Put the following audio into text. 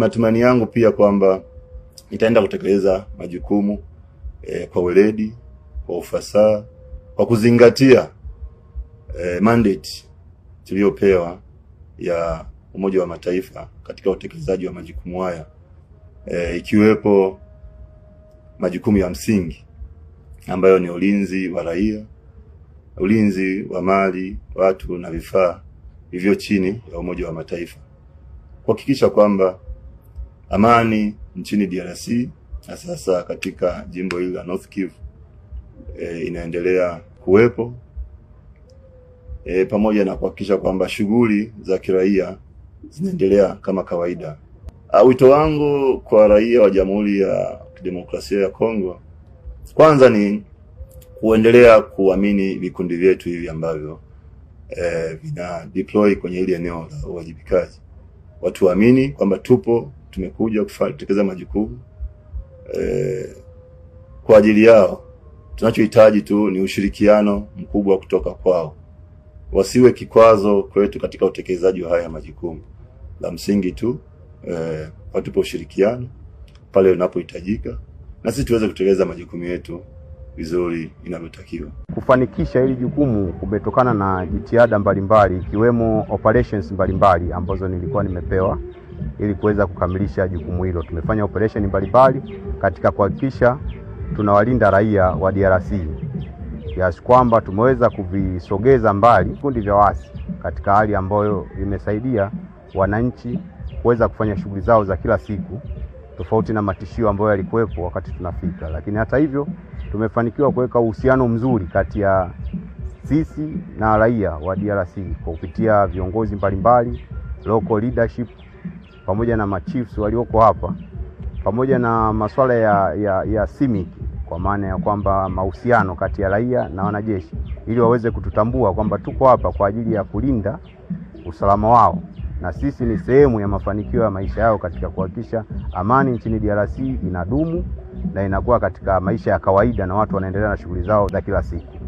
matumaini yangu pia kwamba nitaenda kutekeleza majukumu e, kwa weledi, kwa ufasaha, kwa kuzingatia e, mandate tuliyopewa ya Umoja wa Mataifa katika utekelezaji wa majukumu haya e, ikiwepo majukumu ya msingi ambayo ni ulinzi wa raia, ulinzi wa mali, watu na vifaa hivyo chini ya Umoja wa Mataifa kuhakikisha kwamba amani nchini DRC na sasa katika jimbo hili la North Kivu e, inaendelea kuwepo e, pamoja na kuhakikisha kwamba shughuli za kiraia zinaendelea kama kawaida. Ah, wito wangu kwa raia wa Jamhuri ya Kidemokrasia ya Kongo kwanza ni kuendelea kuamini vikundi vyetu hivi ambavyo e, vina deploy kwenye hili eneo la uwajibikaji. Watu waamini kwamba tupo tumekuja kutekeleza majukumu e, kwa ajili yao. Tunachohitaji tu ni ushirikiano mkubwa kutoka kwao, wasiwe kikwazo kwetu katika utekelezaji wa haya majukumu. La msingi tu e, watupe ushirikiano pale unapohitajika na sisi tuweze kutekeleza majukumu yetu vizuri inavyotakiwa. Kufanikisha hili jukumu kumetokana na jitihada mbalimbali ikiwemo operations mbalimbali ambazo nilikuwa nimepewa ili kuweza kukamilisha jukumu hilo. Tumefanya operesheni mbalimbali katika kuhakikisha tunawalinda raia wa DRC kiasi kwamba tumeweza kuvisogeza mbali vikundi vya waasi katika hali ambayo imesaidia wananchi kuweza kufanya shughuli zao za kila siku tofauti na matishio ambayo yalikuwepo wakati tunafika. Lakini hata hivyo tumefanikiwa kuweka uhusiano mzuri kati ya sisi na raia wa DRC kwa kupitia viongozi mbalimbali, local leadership pamoja na machiefs walioko hapa pamoja na masuala ya, ya, ya simic kwa maana ya kwamba mahusiano kati ya raia na wanajeshi, ili waweze kututambua kwamba tuko hapa kwa ajili ya kulinda usalama wao na sisi ni sehemu ya mafanikio ya maisha yao katika kuhakikisha amani nchini DRC inadumu na inakuwa katika maisha ya kawaida na watu wanaendelea na shughuli zao za kila siku.